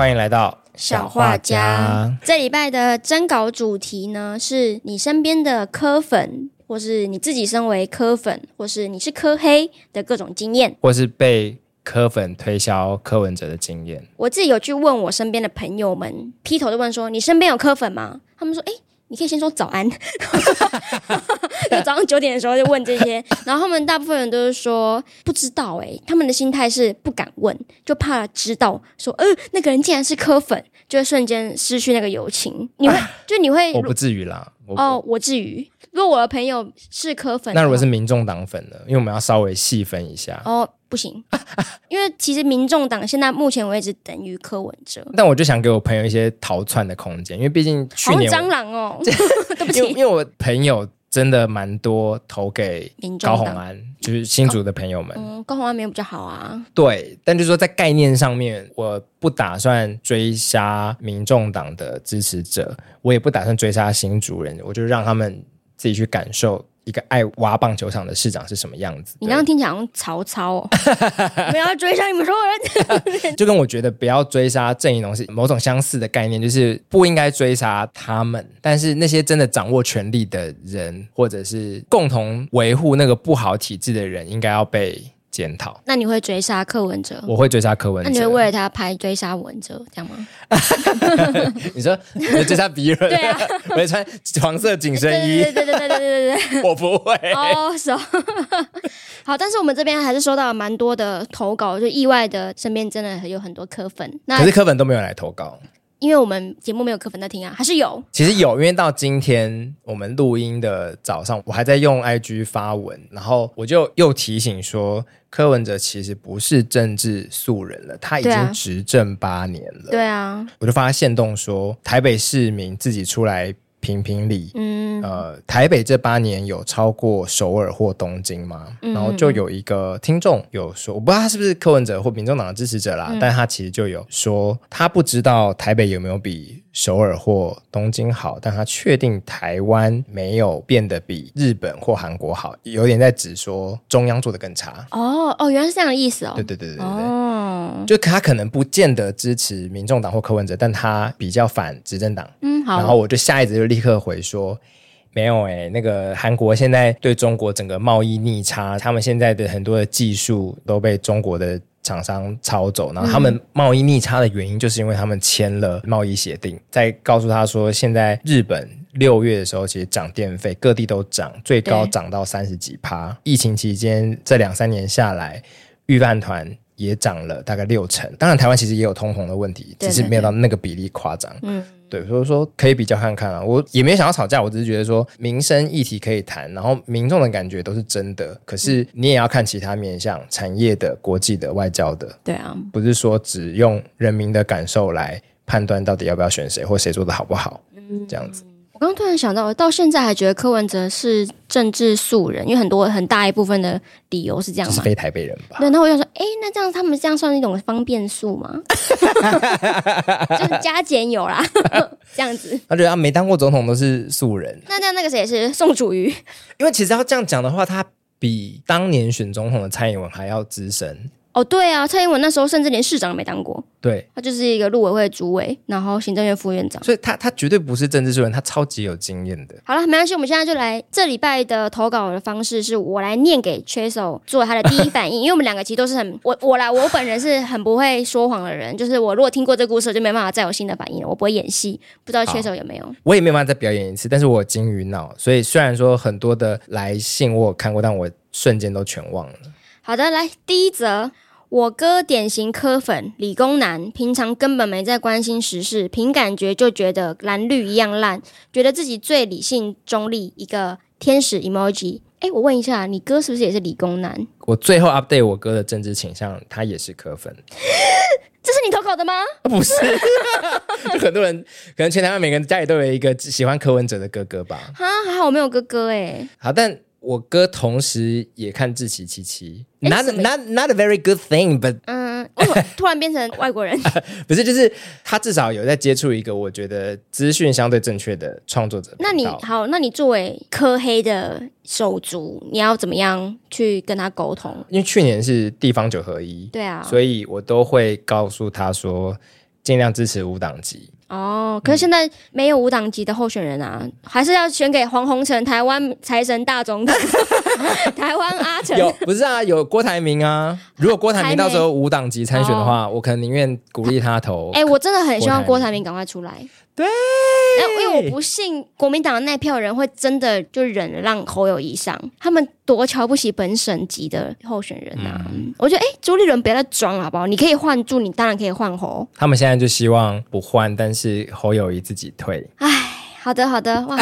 歡迎來到小畫家。畫家這禮拜的徵稿主題呢，是你身邊的柯粉，或是你自己身為柯粉，或是你是柯黑的各種經驗，或是被柯粉推銷柯文哲的經驗。我自己有去問我身邊的朋友們，劈頭就問說：“你身邊有柯粉嗎？”他們說：“誒。”你可以先說早安 早上九點的時候就問這些，然後他們大部分人都是說不知道哎、欸，他們的心態是不敢問，就怕知道說，呃，那個人竟然是柯粉，就會瞬間失去那個友情。你會就你會？我不至於啦。哦，我至於。因如我的朋友是柯粉，那如果是民眾黨粉呢？因為我們要稍微細分一下哦，不行， 因為其實民眾黨現在目前為止等於柯文哲。但我就想給我朋友一些逃竄的空間，因為畢竟去年好蟑螂哦， 對不起，因，因為我朋友真的蠻多投給高虹安民眾，就是新竹的朋友們。嗯，高虹安沒有比較好啊。對，但就是說在概念上面，我不打算追殺民眾黨的支持者，我也不打算追殺新竹人，我就讓他們。自己去感受一個愛挖棒球場的市長是什麼樣子。你剛剛聽起來像曹操，哦， 不要追殺你們所有人。 就跟我覺得不要追殺鄭宜農是某種相似的概念，就是不應該追殺他們，但是那些真的掌握權力的人，或者是共同維護那個不好體制的人，應該要被。檢討。那你會追殺柯文哲？我會追殺柯文哲，那你會為了他拍追殺文哲這樣嗎？ 你說你追殺別人？ 對啊，沒穿黃色緊身衣。對對對對對對，對，對。我不會。哦，好，好，但是我們這邊還是收到蠻多的投稿，就意外的身邊真的有很多柯粉。可是柯粉都沒有來投稿。因為我們節目沒有柯粉在聽啊，還是有。其實有，因為到今天我們錄音的早上，我還在用 IG 發文，然後我就又提醒說，柯文哲其實不是政治素人了，他已經執政八年了。對啊，我就發限動說，台北市民自己出來。評評理，嗯，呃，台北這八年有超過首爾或東京嗎？嗯、然後就有一個聽眾有說，我不知道他是不是柯文哲或民眾黨的支持者啦、嗯，但他其實就有說，他不知道台北有沒有比。首爾或東京好，但他確定台灣沒有變得比日本或韓國好，有點在指說中央做得更差。哦哦，原來是這樣的意思哦。對對對對對，對，哦，就他可能不見得支持民眾黨或柯文哲，但他比較反執政黨。嗯好。然後我就下意識就立刻回說，沒有誒，欸，那個韓國現在對中國整個貿易逆差，他們現在的很多的技術都被中國的。廠商抄走，然後他們貿易逆差的原因，就是因為他們簽了貿易協定。嗯、再告訴他說，現在日本六月的時候，其實漲電費，各地都漲，最高漲到三十幾趴。疫情期間這兩三年下來，御飯糰。也漲了大概六成，當然台灣其實也有通膨的問題，只是沒有到那個比例誇張。嗯，對，所以說可以比較看看啊，我也沒有想要吵架，我只是覺得說民生議題可以談，然後民眾的感覺都是真的，可是你也要看其他面向，產業的、國際的、外交的。對啊，不是說只用人民的感受來判斷到底要不要選誰或誰做的好不好，這樣子。我剛突然想到，我到現在還覺得柯文哲是政治素人，因為很多很大一部分的理由是這樣，就是非台北人吧？對，那我就說，哎，那這樣他們這樣算一種方便素嗎？ 就是加減有啦， 這樣子。他覺得、啊、沒當過總統都是素人，那那那個誰是宋楚瑜？因為其實要這樣講的話，他比當年選總統的蔡英文還要資深。哦，對啊，蔡英文那時候甚至連市長都沒當過，對，他就是一個陸委會的主委，然後行政院副院長，所以他他絕對不是政治素人，他超級有經驗的。好了，沒關係，我們現在就來這禮拜的投稿的方式，是我來念給 c h e 做他的第一反應， 因為我們兩個其實都是很我我來，我本人是很不會說謊的人， 就是我如果聽過這個故事，就沒辦法再有新的反應了，我不會演戲，不知道 c h e 有沒有，我也沒有辦法再表演一次，但是我金魚腦，所以雖然說很多的來信我有看過，但我瞬間都全忘了。好的，來第一則，我哥典型柯粉，理工男，平常根本沒在關心時事，憑感覺就覺得藍綠一樣爛，覺得自己最理性中立，一個天使 emoji。哎、欸，我問一下，你哥是不是也是理工男？我最後 update 我哥的政治傾向，他也是柯粉。 這是你投稿的嗎、啊？不是，就 很多人可能全台灣每個人家裡都有一個喜歡柯文哲的哥哥吧。啊，還好，好我沒有哥哥哎、欸。好，但。我哥同時也看志祺七七，not a, not not a very good thing，but，嗯，突然變成外國人 不是，就是他至少有在接觸一個我覺得資訊相對正確的創作者。那你好，那你作為柯黑的手足，你要怎麼樣去跟他溝通？因為去年是地方九合一，對啊，所以我都會告訴他說，盡量支持無黨籍。哦，可是現在沒有無黨籍的候選人啊，嗯、還是要選給黃宏成，台灣財神大總統， 台灣阿成。有，不是啊，有郭台銘啊。如果郭台銘到時候無黨籍參選的話，我可能寧願鼓勵他投、哦。哎、欸，我真的很希望郭台銘趕快出來。呃、因為我不信國民黨的那票的人會真的就忍讓侯友宜上，他們多瞧不起本省籍的候選人啊！嗯、我覺得，哎，朱立倫別再裝了，好不好？你可以換柱，你當然可以換侯。他們現在就希望不換，但是侯友宜自己退。哎，好的好的，哇，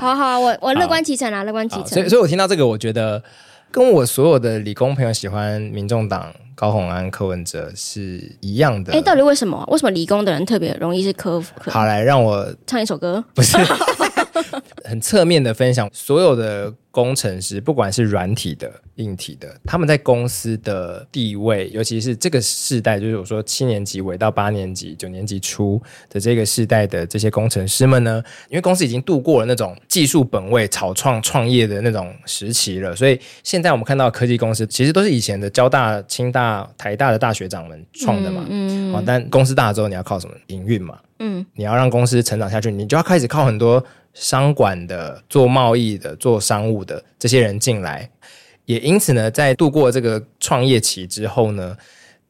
好好啊，我我樂觀其成啊， 樂觀其成。所以所以我聽到這個，我覺得跟我所有的理工朋友喜歡民眾黨。高虹安、柯文哲是一樣的。哎、欸，到底為什麼？為什麼理工的人特別容易是柯粉好？來，來讓我唱一首歌。不是。 很側面的分享，所有的工程師，不管是軟體的、硬體的，他們在公司的地位，尤其是這個世代，就是我說七年級尾到八年級、九年級初的這個世代的這些工程師們呢，因為公司已經度過了那種技術本位、草創創業的那種時期了，所以現在我們看到科技公司其實都是以前的交大、清大、台大的大學長們創的嘛，嗯，嗯，但公司大了之後，你要靠什麼營運嘛，嗯，你要讓公司成長下去，你就要開始靠很多。商管的、做貿易的、做商務的這些人進來，也因此呢，在度過這個創業期之後呢。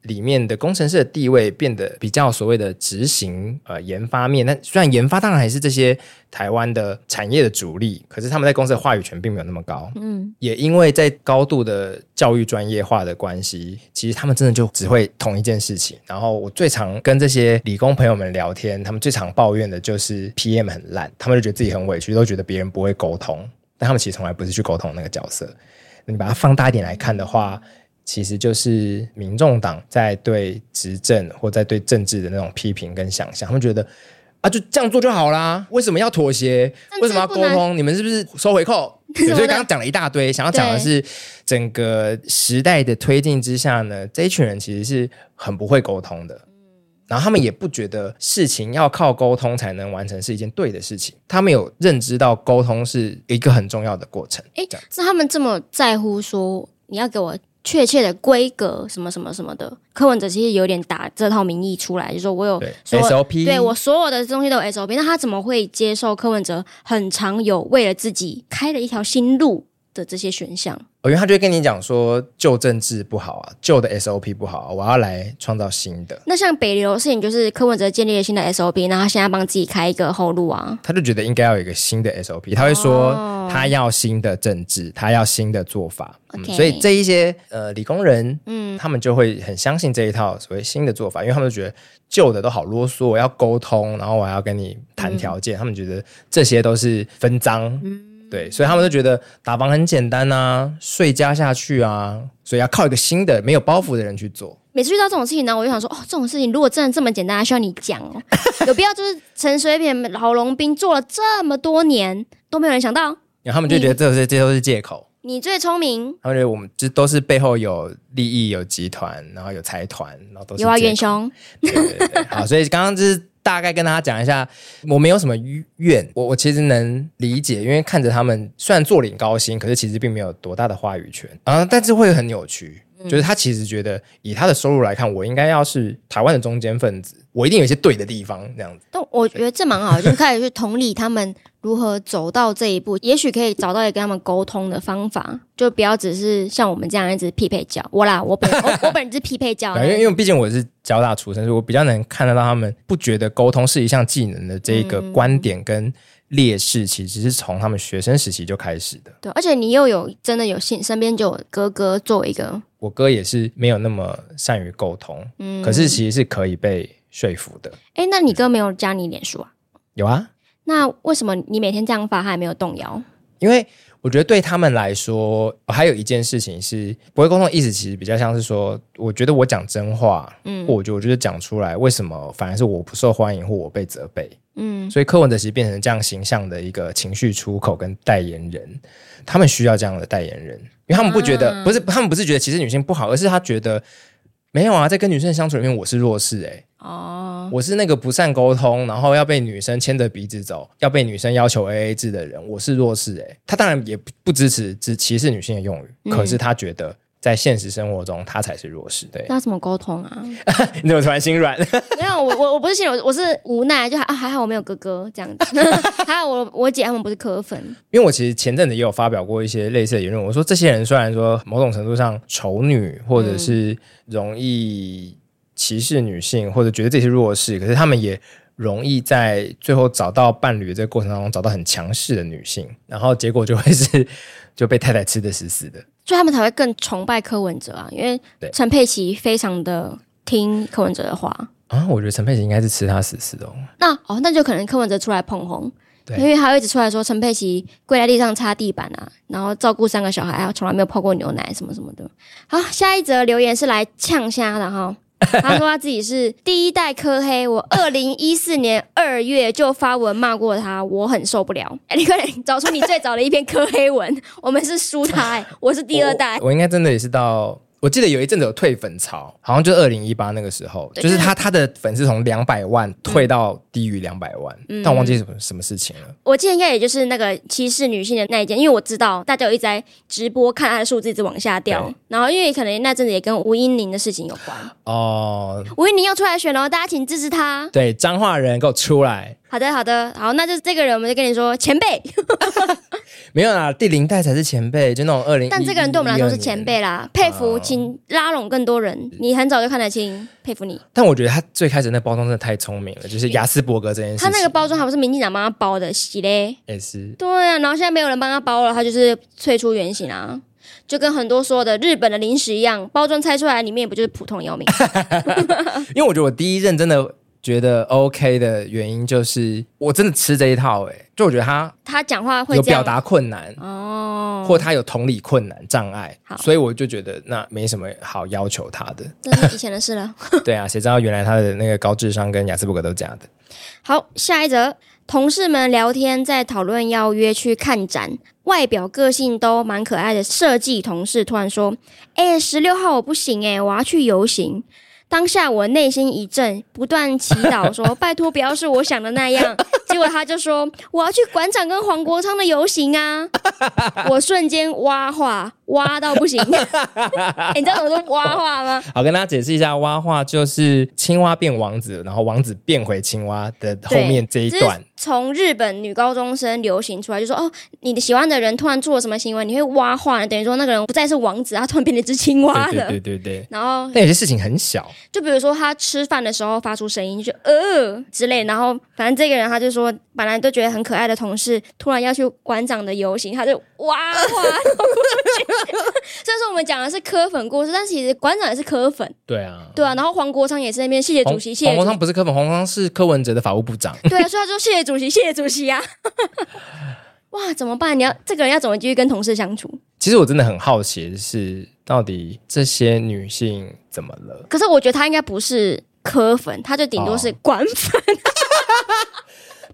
裡面的工程師的地位變得比較所謂的執行呃研發面，那雖然研發當然還是這些台灣的產業的主力，可是他們在公司的話語權並沒有那麼高。嗯，也因為在高度的教育專業化的關係，其實他們真的就只會同一件事情。然後我最常跟這些理工朋友們聊天，他們最常抱怨的就是 PM 很爛，他們就覺得自己很委屈，都覺得別人不會溝通，但他們其實從來不是去溝通那個角色。那你把它放大一點來看的話。嗯其實就是民眾黨在對執政或在對政治的那種批評跟想象，他們覺得啊，就這樣做就好啦，為什麼要妥協？為什麼要溝通？你們是不是收回扣？所以剛剛講了一大堆，想要講的是整個時代的推進之下呢，這一群人其實是很不會溝通的。嗯，然後他們也不覺得事情要靠溝通才能完成是一件對的事情，他們有認知到溝通是一個很重要的過程。哎，這他們這麼在乎說你要給我。確切的規格什麼什麼什麼的，柯文哲其實有點打這套名義出來，就是、說我有 SOP，對，所有，對，我所有的東西都有 SOP，那他怎麼會接受柯文哲很常有為了自己開了一條新路？這些選項、哦，因為他就會跟你講說舊政治不好啊，舊的 SOP 不好、啊，我要來創造新的。那像北流的事情，是就是柯文哲建立了新的 SOP，然後他現在幫自己開一個後路啊。他就覺得應該要有一個新的 SOP，他會說他要新的政治，Oh. 他要新的做法。嗯 Okay. 所以這一些呃理工人，嗯，他們就會很相信這一套所謂新的做法，因為他們覺得舊的都好囉嗦，我要溝通，然後我還要跟你談條件、嗯，他們覺得這些都是分贓。嗯對，所以他們就覺得打房很簡單啊，稅加下去啊，所以要靠一個新的沒有包袱的人去做。每次遇到這種事情呢，我就想說，哦，這種事情如果真的這麼簡單，還需要你講？ 有必要就是陳水扁郝龍斌做了這麼多年都沒有人想到，然後他們就覺得這，這些這都是借口。你最聰明，他們覺得我們這都是背後有利益、有集團，然後有財團，然後都是有啊。遠雄，對對對 好，所以剛剛、就是。大概跟大家講一下，我沒有什麼怨，我我其實能理解，因為看着他們雖然坐領高薪，可是其實並沒有多大的話語權啊，但是會很扭曲，就是他其實覺得以他的收入來看，我應該要是台灣的中堅分子。我一定有一些對的地方，這樣子。但我覺得這蠻好的，就是、開始去同理他們如何走到這一步， 也許可以找到一個跟他們溝通的方法，就不要只是像我們這樣一直匹配教我啦。我本 我本，我本人是匹配教， 因為因為畢竟我是交大出身，所以我比較能看得到他們不覺得溝通是一項技能的這一個觀點跟劣勢，其實是從他們學生時期就開始的。嗯、對，而且你又有真的有幸身邊就有哥哥作為一個，我哥也是沒有那麼善於溝通，嗯，可是其實是可以被。說服的，哎，那你哥沒有加你臉書啊、嗯？有啊，那為什麼你每天這樣發，他還沒有動搖？因為我覺得對他們來說，哦、還有一件事情是，不會溝通的意思，其實比較像是說，我覺得我講真話，嗯，或者我覺得我就是講出來，為什麼反而是我不受歡迎或我被責備，嗯，所以柯文哲其實變成這樣形象的一個情緒出口跟代言人，他們需要這樣的代言人，因為他們不覺得，嗯、不是他們不是覺得其實女性不好，而是他覺得。沒有啊，在跟女生的相處裡面，我是弱勢欸。哦，我是那個不善溝通，然後要被女生牽着鼻子走，要被女生要求 AA 制的人，我是弱勢欸。他當然也不支持只歧視女性的用語，嗯。可是他覺得。在現實生活中，他才是弱勢。對，那怎麼溝通啊？ 你怎麼突然心軟？ 沒有，我我，我不是心軟，我是無奈。就、啊、還好我沒有哥哥這樣子 還好我我姐他們不是柯粉。因為我其實前陣子也有發表過一些類似的言論。我說這些人雖然說某種程度上仇女，或者是容易歧視女性，或者覺得這些弱勢、嗯，可是他們也容易在最後找到伴侶的這個過程中找到很強勢的女性，然後結果就會是就被太太吃得死死的。所以他們才會更崇拜柯文哲啊，因為陳佩琪非常的聽柯文哲的話啊。我覺得陳佩琪應該是吃他屎吃的、哦。那哦，那就可能柯文哲出來捧紅對，因為他會一直出來說陳佩琪跪在地上擦地板啊，然後照顧三個小孩，啊，從來沒有泡過牛奶什麼什麼的。好，下一則留言是來嗆蝦的哈。 他說他自己是第一代柯黑，我二零一四年二月就發文罵過他，我很受不了。欸，你快點找出你最早的一篇柯黑文，我們是輸他欸， 我是第二代，我，我應該真的也是到。我記得有一陣子有退粉潮，好像就是二零一八那個時候，就是他他的粉絲從兩百萬退到低於兩百萬，嗯、但我忘記什麼什麼事情了。我記得應該也就是那個歧視女性的那一件，因為我知道大家有一直在直播看他的數字一直往下掉，哦，然後因為可能那陣子也跟吳音寧的事情有關。哦，吳音寧又出來選了，大家請支持他。對，彰化人給我出來。好的，好的，好，那就是這個人，我們就跟你說，前輩， 沒有啦，第零代才是前輩，就那種二零。但這個人對我們來說是前輩啦，佩服、哦，請拉攏更多人。你很早就看得清，佩服你。但我覺得他最開始那包裝真的太聰明了，就是亞斯伯格這件事情。他那個包裝還不是民進黨幫他包的，洗嘞。也是。對啊，然後現在沒有人幫他包了，他就是退出原形啊，就跟很多說的日本的零食一樣，包裝拆出來裡面也不就是普通藥品？ 因為我覺得我第一任真的。覺得 OK 的原因就是，我真的吃這一套哎、欸，就我覺得他他講話會有表達困難哦，或他有同理困難障礙，所以我就覺得那沒什麼好要求他的，這是以前的事了。 對啊，誰知道原來他的那個高智商跟亞斯伯格都這樣的。好，下一則，同事們聊天在討論要約去看展，外表個性都蠻可愛的設計同事突然說：“哎、欸，十六號我不行哎、欸，我要去遊行。”當下我內心一震，不斷祈禱說：“ 拜託，不要是我想的那樣。”結果他就說：“我要去館長跟黃國昌的遊行啊！”我瞬間哇化。蛙化到不行， 你知道怎麼說蛙化嗎？好，跟大家解釋一下，蛙化就是青蛙變王子，然後王子變回青蛙的後面這一段。從、就是、日本女高中生流行出來，就說哦，你的喜歡的人突然做了什麼行為，你會蛙化，等於說那個人不再是王子，他突然變了一隻青蛙了。對對對，對，對，對。然後，但有些事情很小，就比如說他吃飯的時候發出聲音就呃之類，然後反正這個人他就說，本來都覺得很可愛的同事，突然要去館長的遊行，他就蛙化。呃然後 雖然說我們講的是柯粉故事，但是其實館長也是柯粉。對啊，對啊，然後黃國昌也是那邊謝謝主席，謝謝。黃國昌不是柯粉，黃國昌是柯文哲的法務部長。對啊，所以他說謝謝主席，謝謝主席啊。 哇，怎麼辦？你要，這個人要怎麼繼續跟同事相處？其實我真的很好奇的是，到底這些女性怎麼了？可是我覺得她應該不是柯粉，她就頂多是館粉。哦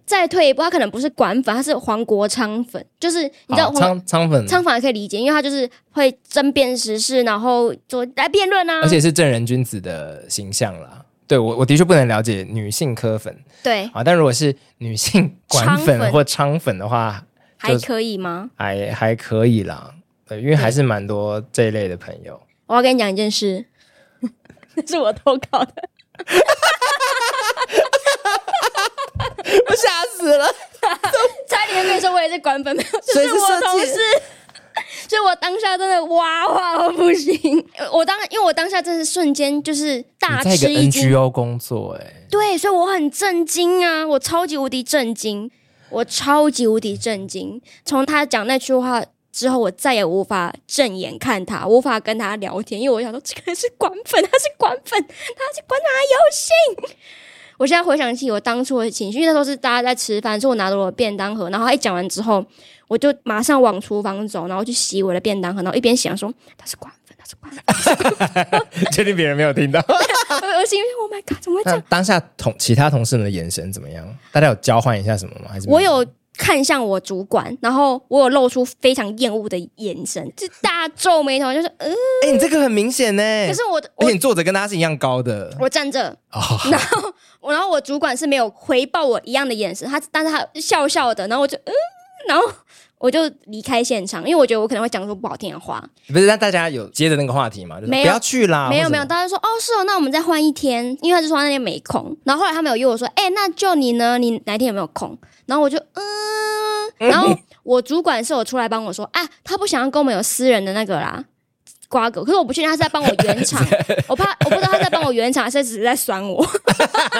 再退一步，他可能不是管粉，他是黃國昌粉，就是你知道，昌昌粉。昌粉還可以理解，因為他就是會爭辯時事，然後做來辯論啊，而且是正人君子的形象啦。對我，我的確不能了解女性科粉，對啊，但如果是女性管粉或昌粉的話，還可以嗎？還還可以啦，對，因為還是蠻多這一類的朋友。我要跟你講一件事，那 是我投稿的。 我嚇嚇死了！ 在裡面跟你說，我也是官粉，所以我同事，所以我當下真的哇哇，我不行！我當，因為我當下真是瞬間就是大吃一驚。你個工作，哎，對，所以我很震驚啊！我超級無敵震驚，我超級無敵震驚。從他講那句話之後，我再也無法正眼看他，無法跟他聊天，因為我想說，這個人是官粉，他是官粉，他是管他遊戲。我現在回想起我當初的情緒，因為那時候是大家在吃飯，是我拿着我的便當盒，然後他一講完之後，我就馬上往廚房走，然後去洗我的便當盒，然後一邊想說他是柯粉，他是柯粉，確 定別人沒有聽到。 我心裡說 Oh my God，怎麼會這樣？當下同其他同事們的眼神怎麼樣？大家有交換一下什麼嗎？還是有我有看向我主管，然後我有露出非常厭惡的眼神，就大皺眉頭，就是，哎、呃欸，你這個很明顯呢。可是我，的我，而且你坐着跟大家是一樣高的，我站着，oh, 然後。 然後我主管是沒有回報我一樣的眼神，他但是他笑笑的，然後我就嗯，然後我就離開現場，因為我覺得我可能會講出不好聽的話。不是讓大家有接着那個話題嘛？沒有不要去啦，沒有沒有，大家說哦是哦，那我們再換一天，因為他就說他那天沒空。然後後來他沒有約我說，哎，那就你呢？你哪一天有沒有空？然後我就嗯，然後我主管是有出來幫我說，啊，他不想要跟我們有私人的那個啦。瓜葛，可是我不確定他是在幫我圓場， 我怕我不知道他在幫我圓場，還是只是在酸我。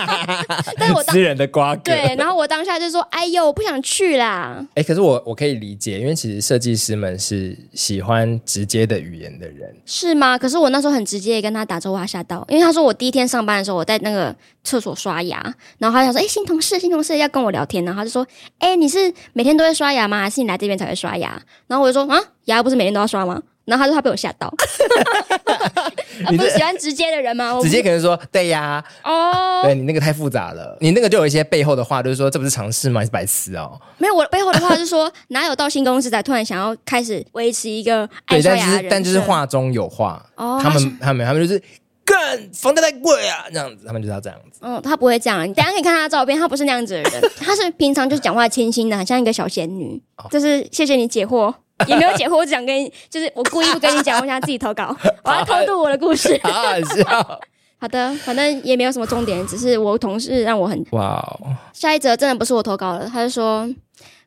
但是我當，我私人的瓜葛。對，然後我當下就說：“哎呦，我不想去啦。”哎，可是我我可以理解，因為其實設計師們是喜歡直接的語言的人，是嗎？可是我那時候很直接跟他打招呼，他嚇到，因為他說我第一天上班的時候，我在那個廁所刷牙，然後他就想說：“哎，新同事，新同事要跟我聊天。”然後他就說：“哎，你是每天都會刷牙嗎？還是你來這邊才會刷牙？”然後我就說：“啊，牙不是每天都要刷嗎？”然後他說他被我嚇到， 你不是喜歡直接的人嗎？直接可能說對呀，哦，對,、啊 oh, 對你那個太複雜了，你那個就有一些背後的話，就是說這不是嘗試嗎？是白痴哦、喔，沒有，我背後的話是說 哪有到新公司才突然想要開始維持一個？對，但就是但就是話中有話哦、oh,。他們他們他們就是幹，房價太貴啊，這樣子他們就是要這樣子。哦、oh,，他不會這樣，你等下可以看他的照片， 他不是那樣子的人，他是平常就是講話清新的，很像一個小仙女。Oh. 這是謝謝你解惑。也沒有解惑，我只想跟你，就是我故意不跟你講，我想自己投稿，我要偷渡我的故事。啊、 好的，反正也沒有什麼重點，只是我同事讓我很哇哦。下一則真的不是我投稿了，他就說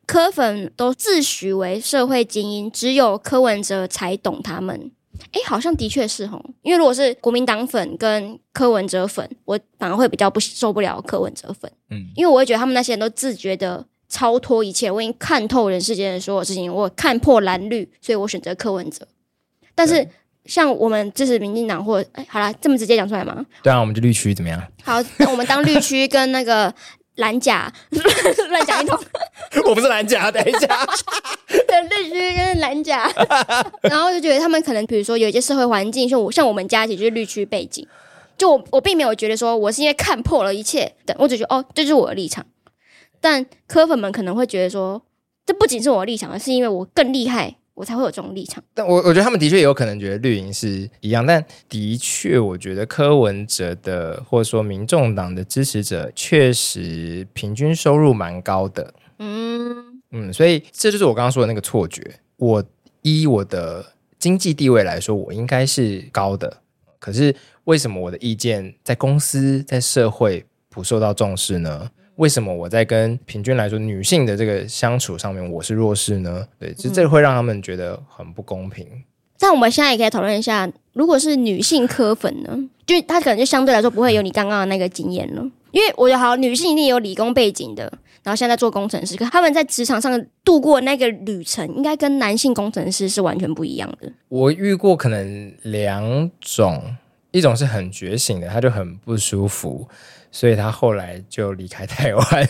柯粉都自詡為社會精英，只有柯文哲才懂他們。哎、欸，好像的確是哦，因為如果是國民黨粉跟柯文哲粉，我反而會比較不受不了柯文哲粉。嗯，因為我會覺得他們那些人都自覺的。超脫一切，我已經看透人世間的所有事情，我看破藍綠，所以我選擇柯文哲。但是像我們支持民進黨，或、欸、哎，好啦，這麼直接講出來嗎？對啊，我們就綠區怎麼樣？好，那我們當綠區跟那個藍甲亂講 一通。我不是藍甲，等一下，等 綠區跟藍甲。 然後就覺得他們可能，比如說有一些社會環境，像我，像我們家其實就是綠區背景。就我，我並沒有覺得說我是因為看破了一切，我只覺得哦，這就是我的立場。但科粉們可能會覺得說，這不僅是我的立場，而是因為我更厲害，我才會有這種立場。但我我覺得他們的確有可能覺得綠營是一樣，但的確，我覺得柯文哲的或者說民眾黨的支持者確實平均收入蠻高的。嗯嗯，所以這就是我剛剛說的那個錯覺。我以我的經濟地位來說，我應該是高的，可是為什麼我的意見在公司、在社會不受到重視呢？為什麼我在跟平均來說女性的這個相處上面，我是弱勢呢？對，就這會讓他們覺得很不公平。嗯，但我們現在也可以討論一下，如果是女性科粉呢，就她可能就相對來說不會有你剛剛的那個經驗了，因為我覺得好，女性一定有理工背景的，然後現在在做工程師，可是他們在職場上度過那個旅程，應該跟男性工程師是完全不一樣的。我遇過可能兩種，一種是很覺醒的，她就很不舒服。所以他後來就離開台灣，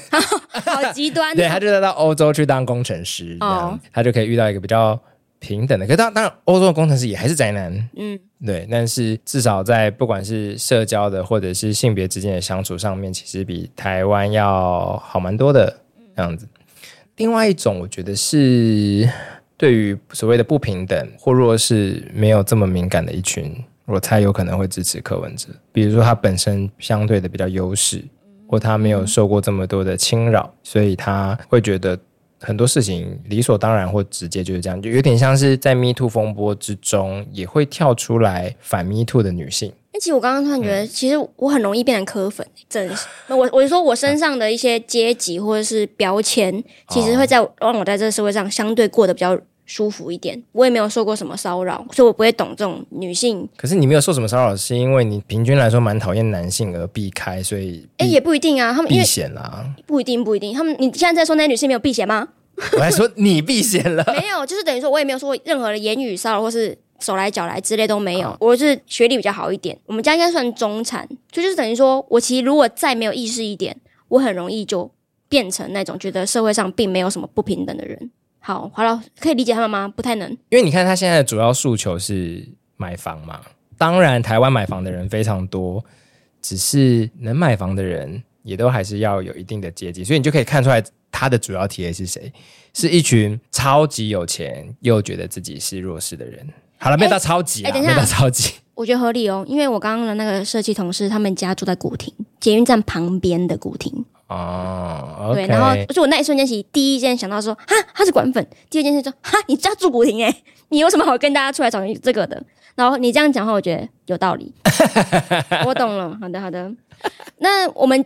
好，好極端、啊。 對，他就來到歐洲去當工程師，這樣、哦、他就可以遇到一個比較平等的。可當，當然，歐洲的工程師也還是宅男，嗯，對。但是至少在不管是社交的或者是性別之間的相處上面，其實比台灣要好蠻多的這樣子。另外一種，我覺得是對於所謂的不平等或若是沒有這麼敏感的一群。我猜有可能會支持柯文哲。比如說他本身相對的比較優勢，或他沒有受過這麼多的侵擾，所以他會覺得很多事情理所當然或直接就是這樣，就有點像是在 Me Too 風波之中也會跳出來反 Me Too 的女性。其實我剛剛突然覺得、嗯，其實我很容易變成柯粉，真的是我，我就說我身上的一些階級或者是標籤，嗯、其實會在讓我在這個社會上相對過得比較。舒服一點，我也沒有受過什麼騷擾，所以我不會懂這種女性。可是你沒有受什麼騷擾，是因為你平均來說蠻討厭男性而避開，所以誒、欸、也不一定啊，他們避嫌啦、啊，不一定不一定。他們你現在在說那些女性沒有避嫌嗎？我在說你避嫌了， 沒有，就是等於說我也沒有說過任何的言語騷擾或是手來腳來之類都沒有。啊、我就是學歷比較好一點，我們家應該算中產，就就是等於說我其實如果再沒有意識一點，我很容易就變成那種覺得社會上並沒有什麼不平等的人。好，華老可以理解他們嗎？不太能，因為你看他現在的主要訴求是買房嘛。當然，台灣買房的人非常多，只是能買房的人也都還是要有一定的階級，所以你就可以看出來他的主要體驗是誰，是一群超級有錢又覺得自己是弱勢的人。好了，不要到超級，欸，等一下，不要到超級，我覺得合理哦，因為我剛剛的那個設計同事，他們家住在古亭捷運站旁邊的古亭。哦、oh, okay.，對，然後就我那一瞬間起，第一件事想到說，哈，他是管粉；第二件事說，哈，你家住古亭哎，你有什麼好跟大家出來講你這個的？然後你這樣講的話，我覺得有道理， 我懂了。好的，好的，好的，那我們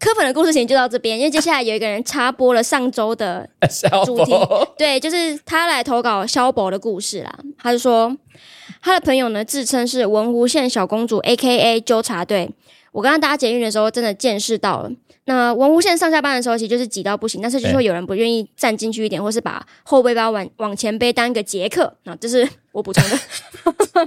柯粉的故事線就到這邊，因為接下來有一個人插播了上週的主題，對，就是他來投稿肖博的故事啦。他就說，他的朋友呢自稱是文湖線小公主 A K A 糾察隊。我剛剛搭捷運的時候，真的見識到了。那文湖線上下班的時候，其實就是擠到不行，但是就是會有人不願意站進去一點，或是把後背包往往前背當一個傑克。那這是我補充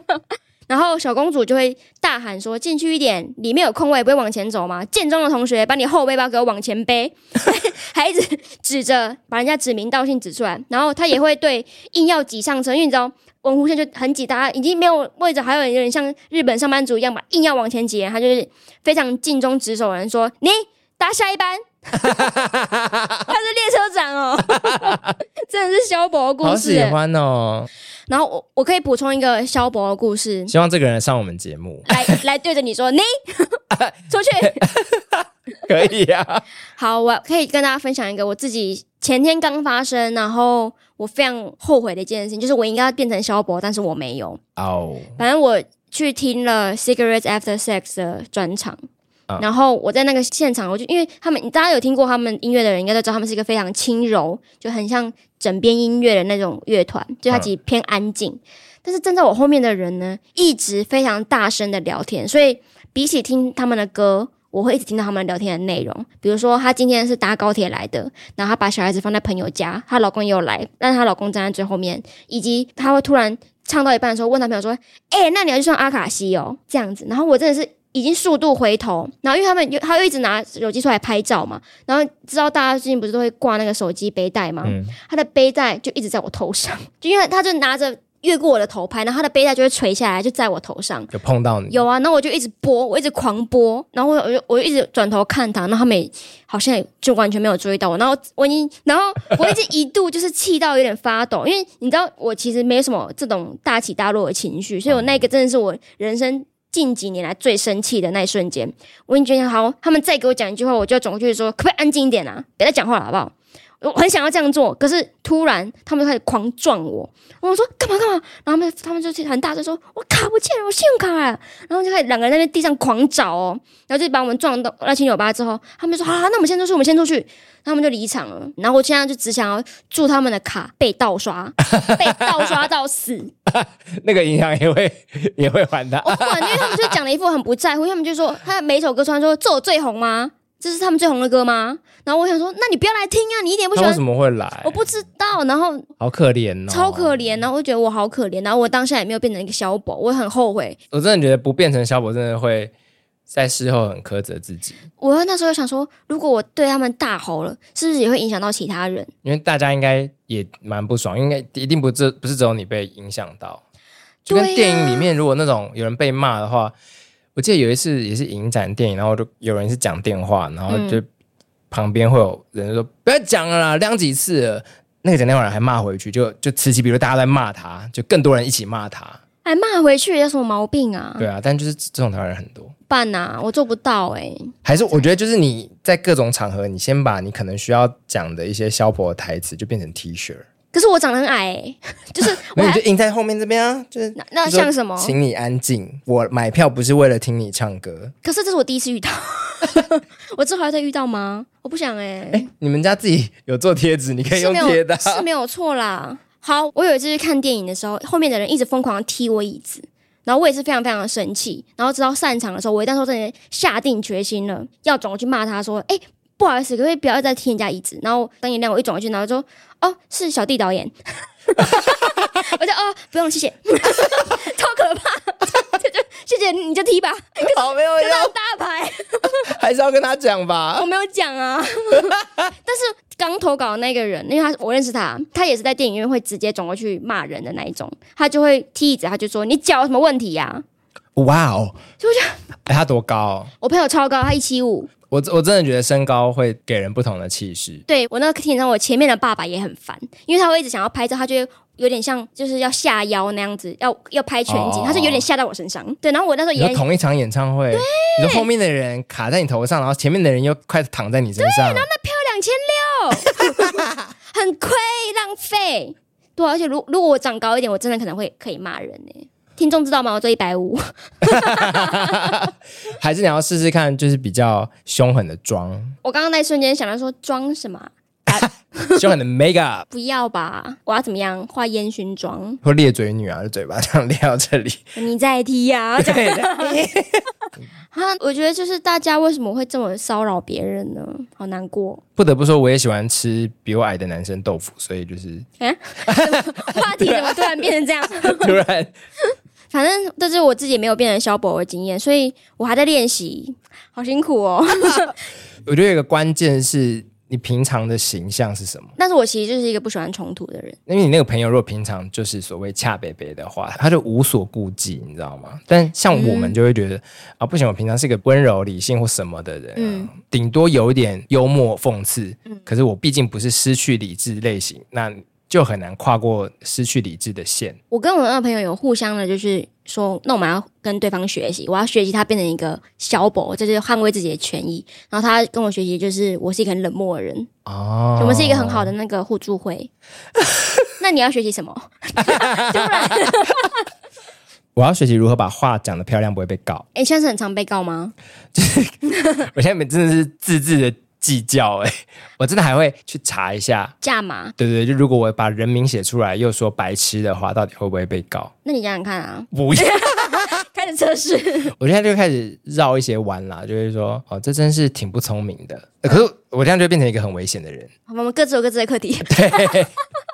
的。 然後小公主就會大喊說：“進去一點，裡面有空位，不會往前走嗎？”建中的同學，把你後背包給我往前背。 還一直指着，把人家指名道姓指出來，然後他也會對硬要擠上車，運中。文湖線就很擠，大家已經沒有位置，還有人像日本上班族一樣把硬要往前擠。他就是非常盡忠職守人說，說你搭下一班。 他是列車長哦， 真的是蕭伯故事。好喜歡哦。然後我我可以補充一個蕭伯的故事，希望這個人上我們節目， 來來對着你說你 出去可以呀。 好，我可以跟大家分享一個我自己前天剛發生，然後。我非常後悔的一件事情，就是我應該要變成蕭博，但是我沒有。哦、oh.，反正我去聽了《Cigarettes After Sex》的專場，uh. 然後我在那個現場，我就因為他們，大家有聽過他們音樂的人，應該都知道他們是一個非常輕柔，就很像枕邊音樂的那種樂團，就它其實偏安靜。Uh. 但是站在我後面的人呢，一直非常大聲的聊天，所以比起聽他們的歌，我會一直聽到他們聊天的內容，比如說她今天是搭高鐵來的，然後她把小孩子放在朋友家，她老公也有來，讓她老公站在最後面，以及她會突然唱到一半的時候，問他朋友說：“哎、欸，那你要去上阿卡西哦？”這樣子，然後我真的是已經數度回頭，然後因為他們又他又一直拿手機出來拍照嘛，然後知道大家最近不是都會掛那個手機背帶嘛，嗯、他的背帶就一直在我頭上，就因為他就拿着。越過我的頭拍，然後他的背帶就會垂下來，就在我頭上，就碰到你。有啊，然後我就一直撥，我一直狂撥，然後我就我就一直轉頭看他，然後他們也好像也就完全沒有注意到我。然後我已經，然後我已經一度就是氣到有點發抖， 因為你知道我其實沒有什麼這種大起大落的情緒，所以我那個真的是我人生近幾年來最生氣的那一瞬間。我已經覺得好，他們再給我講一句話，我就要轉過去說，可不可以安靜一點啊？別再講話了，好不好？我很想要這樣做，可是突然他們就開始狂撞我。我說幹嘛幹嘛？然後他們，他們就很大聲說：“我卡不見了，我信用卡。”然後就開始兩個人在那地上狂找哦，然後就把我們撞到那七友吧之後，他們就說：“啊，那我們先出去，我們先出去。”然後他們就離場了。然後我現在就只想要祝他們的卡被盜刷， 被盜刷到死。 那個銀行也會也會還的。我、 oh, 不管，因為他們就講了一副很不在乎，因為他們就說：“他每一首歌出來說，突然說做我最紅嗎？”這是他們最紅的歌嗎？然後我想說，那你不要來聽啊！你一點不喜歡。為什麼會來？我不知道。然後好可憐吶、哦，超可憐。然後我就覺得我好可憐。然後我當下也沒有變成一個小寶，我很後悔。我真的覺得不變成小寶，真的會在事後很苛責自己。我那時候想說，如果我對他們大吼了，是不是也會影響到其他人？因為大家應該也蠻不爽，應該一定不是。不是只有你被影響到。就、啊、跟電影裡面，如果那種有人被罵的話。我記得有一次也是影展電影，然後就有人是講電話，然後就旁邊會有人就說、嗯：“不要講了啦，晾幾次。”那個講電話人還罵回去，就就此起彼伏，大家在罵他，就更多人一起罵他。還、哎、罵回去有什麼毛病啊？對啊，但就是這種台灣人很多。辦吶、啊，我做不到哎、欸。還是我覺得，就是你在各種場合，你先把你可能需要講的一些消婆的台詞，就變成 T 恤。可是我長得很矮、欸，就是我 就印在後面這邊啊。就是那，那像什麼？就是、請你安靜！我買票不是為了聽你唱歌。可是這是我第一次遇到， 我之後還在遇到嗎？我不想哎、欸欸。你們家自己有做貼紙，你可以用貼的、啊，是沒有錯啦。好，我有一次去看電影的時候，後面的人一直瘋狂踢我椅子，然後我也是非常非常的生氣。然後直到散場的時候，我一旦說這些，下定決心了，要轉過去罵他說：“哎、欸。”不好意思，可不可以不要再踢人家椅子？然後燈一亮，我一轉過去，然後就說：“哦，是小弟導演。 ”我就：“哦，不用，謝謝。 ”超可怕。 謝謝，你就踢吧。好沒有用，大牌 還是要跟他講吧。我沒有講啊。 但是剛投稿的那個人，因為他我認識他，他也是在電影院會直接轉過去罵人的那一種。他就會踢椅子，他就說：“你腳有什麼問題呀、啊？”哇、wow, 哦！就覺得他多高、哦？我朋友超高，他一七五。我我真的覺得身高會給人不同的氣勢。對，我那個演唱我前面的爸爸也很煩，因為他會一直想要拍照，他覺得有點像就是要下腰那樣子，要要拍全景，oh. 他是有點嚇到我身上。對，然後我那時候演同一場演唱會，對，然後後面的人卡在你頭上，然後前面的人又快躺在你身上。對，然後那票兩千六， 很虧，浪費。對，而且如果如果我長高一點，我真的可能會可以罵人呢、欸。聽眾知道嗎？我做一百五， 還是你要試試看，就是比較凶狠的妝。我剛剛那一瞬間想到說，妝什麼？啊、 凶狠的 makeup？不要吧！我要怎麼樣？畫煙燻妝，或裂嘴女啊，嘴巴這樣裂到這裡。你在踢呀？ 對的。哈、 啊，我覺得就是大家為什麼會這麼騷擾別人呢？好難過。不得不說，我也喜歡吃比我矮的男生豆腐，所以就是……嗯、啊，話題怎麼突然變成這樣？ 突然。反正都是我自己沒有變成蕭伯的經驗，所以我還在練習，好辛苦哦。 我覺得一個關鍵是你平常的形象是什麼？但是我其實就是一個不喜歡衝突的人。因為你那個朋友如果平常就是所謂恰北北的話，他就無所顧忌，你知道嗎？但像我們就會覺得、嗯、啊，不行，我平常是一個溫柔、理性或什麼的人，嗯，頂多有一點幽默、諷刺。嗯，可是我畢竟不是失去理智類型，那。就很難跨過失去理智的線。我跟我的那個朋友有互相的，就是說，那我們要跟對方學習，我要學習他變成一個小博，就是捍衛自己的權益。然後他跟我學習，就是我是一個很冷漠的人、哦、我們是一個很好的那個互助會。 那你要學習什麼？ 我要學習如何把話講得漂亮，不會被告。哎、欸，現在是很常被告嗎？就是、我現在真的是自制的。計較哎、欸，我真的還會去查一下價碼。對對，就如果我把人名寫出來又說白痴的話，到底會不會被告？那你想想看啊，不要 開始測試。我現在就開始繞一些彎啦，就是說哦，這真是挺不聰明的。呃、可是我這樣就變成一個很危險的人。好，我們各自有各自的課題。對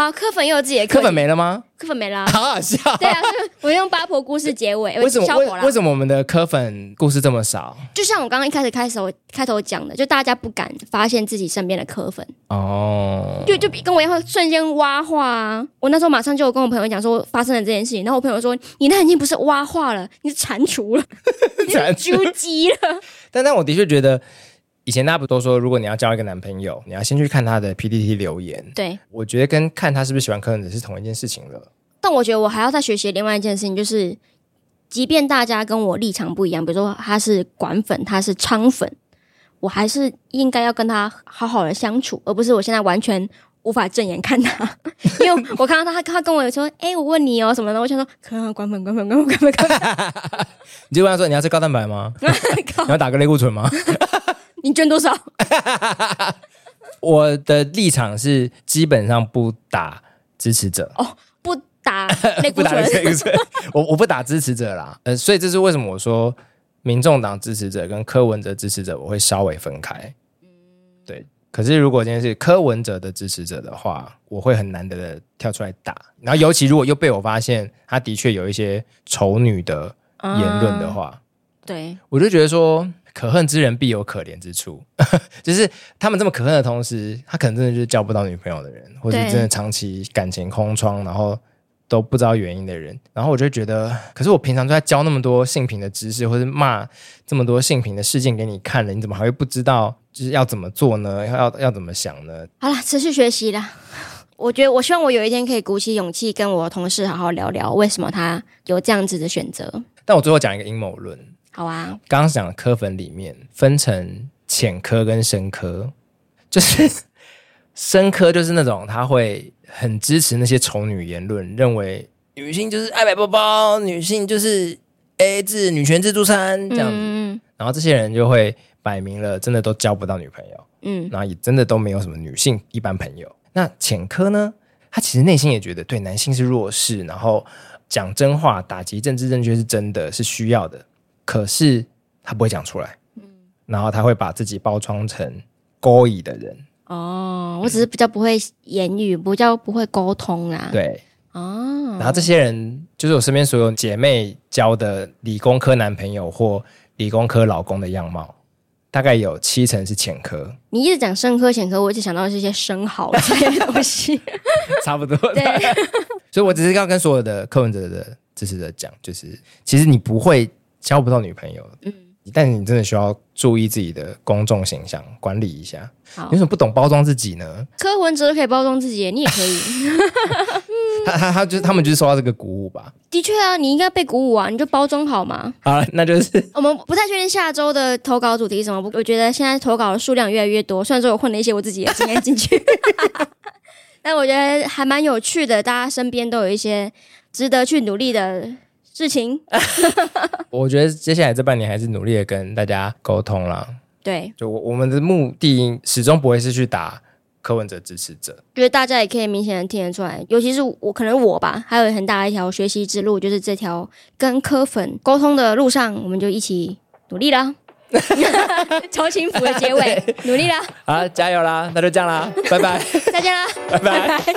啊，柯粉又有自己的。柯粉沒了嗎？柯粉沒了、啊，好好笑。對啊，我用八婆故事結尾。為什麼？為什麼我們的柯粉故事這麼少？就像我剛剛一開始開始開頭講的，就大家不敢發現自己身邊的柯粉。哦。就就比跟我一會瞬間挖化、啊。我那時候馬上就跟我朋友講說發生了這件事情，然後我朋友說：“你那已經不是挖化了，你是蟾蜍了，蟾 蜍蠢褚 雞了。”但但我的確覺得。以前大家不都說，如果你要交一個男朋友，你要先去看他的 PTT 留言。對，我覺得跟看他是不是喜歡柯南是同一件事情了。但我覺得我還要再學習另外一件事情，就是即便大家跟我立場不一樣，比如說他是管粉，他是昌粉，我還是應該要跟他好好的相處，而不是我現在完全無法正眼看他。因為我看到他， 他，跟他跟我有說：“哎、欸，我問你哦，什麼的？”我想說：“柯能管粉，管粉，管粉，管粉管粉 你就問他說：“你要吃高蛋白嗎？ 你要打個類固醇嗎？” 你捐多少？ 我的立場是基本上不打支持者哦，oh, 不打 不打支持者，我我不打支持者啦。嗯、呃，所以這是為什麼我說民眾黨支持者跟柯文哲支持者我會稍微分開。嗯，對。可是如果今天是柯文哲的支持者的話，我會很難得的跳出來打。然後尤其如果又被我發現他的確有一些仇女的言論的話，uh, 對我就覺得說。可恨之人必有可憐之處， 就是他們這麼可恨的同時，他可能真的就是交不到女朋友的人，或者真的長期感情空窗，然後都不知道原因的人。然後我就會覺得，可是我平常都在教那麼多性平的知識，或者罵這麼多性平的事件給你看了，你怎麼還會不知道就是要怎麼做呢？要要怎麼想呢？好了，持續學習了。我覺得我希望我有一天可以鼓起勇氣跟我同事好好聊聊，為什麼他有這樣子的選擇。但我最後講一個陰謀論。好啊，剛剛講的柯粉裡面分成淺柯跟深柯，就是深柯就是那種他會很支持那些仇女言論，認為女性就是愛買包包，女性就是 A 字女權自助餐這樣子嗯嗯，然後這些人就會擺明了真的都交不到女朋友，嗯，然後也真的都沒有什麼女性一般朋友。那淺柯呢，他其實內心也覺得對男性是弱勢，然後講真話打擊政治正確是真的，是需要的。可是他不會講出來，嗯，然後他會把自己包裝成高義的人哦。我只是比較不會言語，不、嗯、叫不會溝通啦。對，哦。然後這些人就是我身邊所有姐妹交的理工科男朋友或理工科老公的樣貌，大概有七成是前科。你一直講深科淺科，我一直想到的是些生蠔這些東西， 差不多。對， 所以我只是要跟所有的柯文哲的支持者講，就是其實你不會。交不到女朋友，嗯，但你真的需要注意自己的公眾形象，管理一下。你為什麼不懂包裝自己呢？柯文哲可以包裝自己，你也可以。 嗯、他他他就是他們就是受到這個鼓舞吧。嗯、的確啊，你應該被鼓舞啊，你就包裝好嘛。好，那就是。我們不太確定下周的投稿主題是什麼，我覺得現在投稿的數量越來越多，雖然說我混了一些我自己也經驗進去， 但我覺得還蠻有趣的，大家身邊都有一些值得去努力的事情 ，我覺得接下來這半年還是努力的跟大家溝通了。對，就我我們的目的始終不會是去打柯文哲支持者，覺得大家也可以明顯的聽得出來，尤其是我可能我吧，還有很大的一條學習之路，就是這條跟柯粉溝通的路上，我們就一起努力啦， 超幸福的結尾， 努力啦，好加油啦！那就這樣啦， 拜拜，再見啦 拜拜，拜拜。